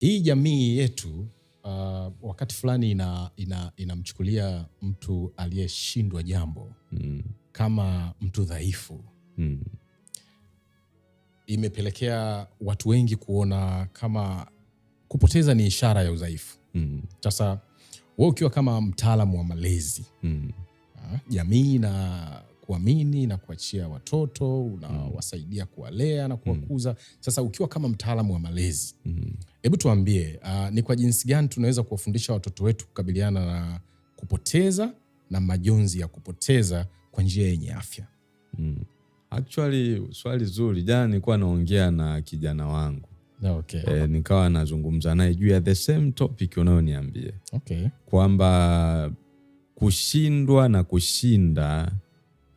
Hii jamii yetu uh, wakati fulani inamchukulia ina, ina mtu aliyeshindwa jambo mm. kama mtu dhaifu mm. Imepelekea watu wengi kuona kama kupoteza ni ishara ya udhaifu. Mm. Sasa mm. wewe ukiwa kama mtaalamu wa malezi mm. Uh, jamii na kuamini na kuachia watoto, mm. unawasaidia kuwalea na kuwakuza. Mm. Sasa ukiwa kama mtaalamu wa malezi, mm. hebu tuambie, uh, ni kwa jinsi gani tunaweza kuwafundisha watoto wetu kukabiliana na kupoteza na majonzi ya kupoteza kwa njia yenye afya? mm. Actually, swali zuri. Jana nilikuwa naongea na kijana wangu okay. E, nikawa nazungumza naye juu ya the same topic unayoniambia okay. Kwamba kushindwa na kushinda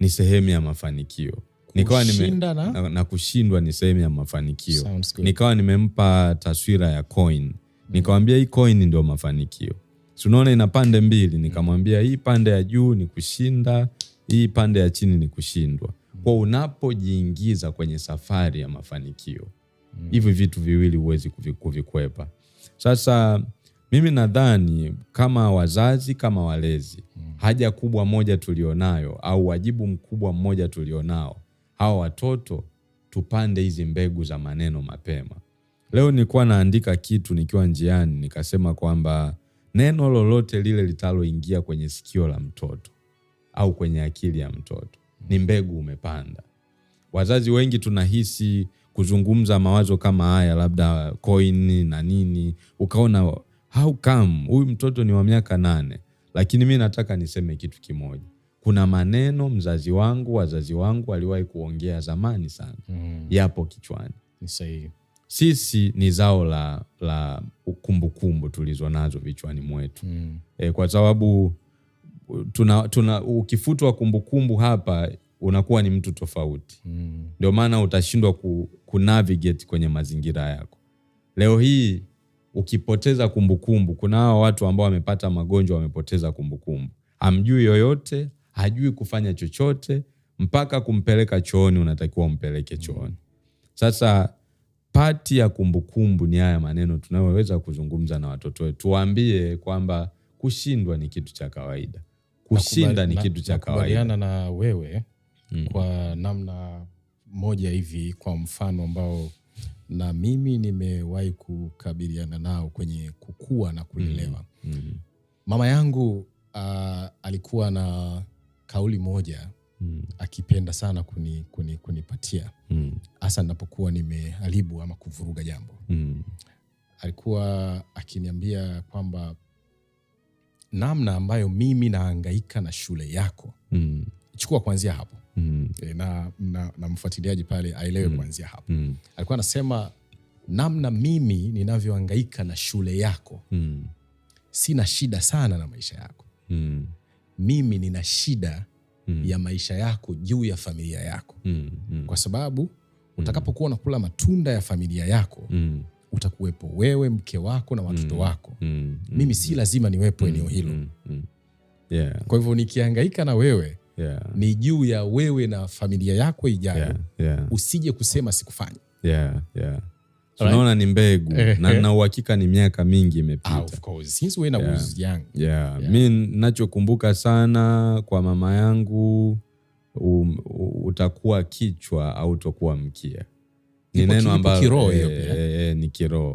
ni sehemu ya mafanikio nikawa nime, na, na, na kushindwa ni sehemu ya mafanikio. Nikawa nimempa taswira ya coin, mm. nikamwambia hii coin ndio mafanikio. Tunaona ina pande mbili, nikamwambia hii pande ya juu ni kushinda, hii pande ya chini ni kushindwa. Mm. Kwa unapojiingiza kwenye safari ya mafanikio, mm. hivi vitu viwili huwezi kuvikwepa. Sasa mimi nadhani kama wazazi, kama walezi, mm. haja kubwa moja tulionayo au wajibu mkubwa mmoja tulionao, hawa watoto tupande hizi mbegu za maneno mapema. Leo nilikuwa naandika kitu nikiwa njiani, nikasema kwamba neno lolote lile litaloingia kwenye sikio la mtoto au kwenye akili ya mtoto mm. ni mbegu umepanda. Wazazi wengi tunahisi kuzungumza mawazo kama haya, labda koini na nini, ukaona how come huyu mtoto ni wa miaka nane? Lakini mi nataka niseme kitu kimoja. Kuna maneno mzazi wangu, wazazi wangu waliwahi kuongea zamani sana, mm. yapo kichwani. Sisi ni zao la la kumbukumbu tulizo nazo vichwani mwetu, mm. e, kwa sababu tuna, tuna ukifutwa kumbukumbu hapa unakuwa ni mtu tofauti, mm. ndio mm. maana utashindwa ku, ku navigate kwenye mazingira yako leo hii ukipoteza kumbukumbu. Kuna hawa watu ambao wamepata magonjwa wamepoteza kumbukumbu, hamjui yoyote, hajui kufanya chochote, mpaka kumpeleka chooni unatakiwa umpeleke chooni. Sasa pati ya kumbukumbu ni haya maneno tunayoweza kuzungumza na watoto wetu, tuwaambie kwamba kushindwa ni kitu cha kawaida, kushinda ni kitu cha kawaidana na wewe mm, kwa namna moja hivi, kwa mfano ambao na mimi nimewahi kukabiliana nao kwenye kukua na kulelewa. mm -hmm. Mama yangu uh, alikuwa na kauli moja mm -hmm. akipenda sana kuni, kuni, kunipatia mm. hasa mm -hmm. ninapokuwa nimeharibu ama kuvuruga jambo mm -hmm. alikuwa akiniambia kwamba namna ambayo mimi naangaika na shule yako mm -hmm. chukua kuanzia hapo mm. e, na, na, na mfuatiliaji pale aelewe mm-hmm. kuanzia mm. hapo mm. alikuwa anasema namna mimi ninavyoangaika na shule yako mm. sina shida sana na maisha yako mm. mimi nina shida mm. ya maisha yako juu ya familia yako mm. Mm. kwa sababu utakapokuwa unakula matunda ya familia yako mm. utakuwepo wewe, mke wako na watoto wako mm. mimi si lazima niwepo eneo hilo mm. yeah. kwa hivyo nikiangaika na wewe yeah. ni juu ya wewe na familia yako ijayo yeah. yeah. usije kusema sikufanya yeah. yeah. Tunaona Ni mbegu eh, na eh. na uhakika ni miaka mingi imepita. Ah, Mi nachokumbuka sana kwa mama yangu um, utakuwa kichwa au utakuwa mkia. Ni neno ambalo eh, ni kiroho.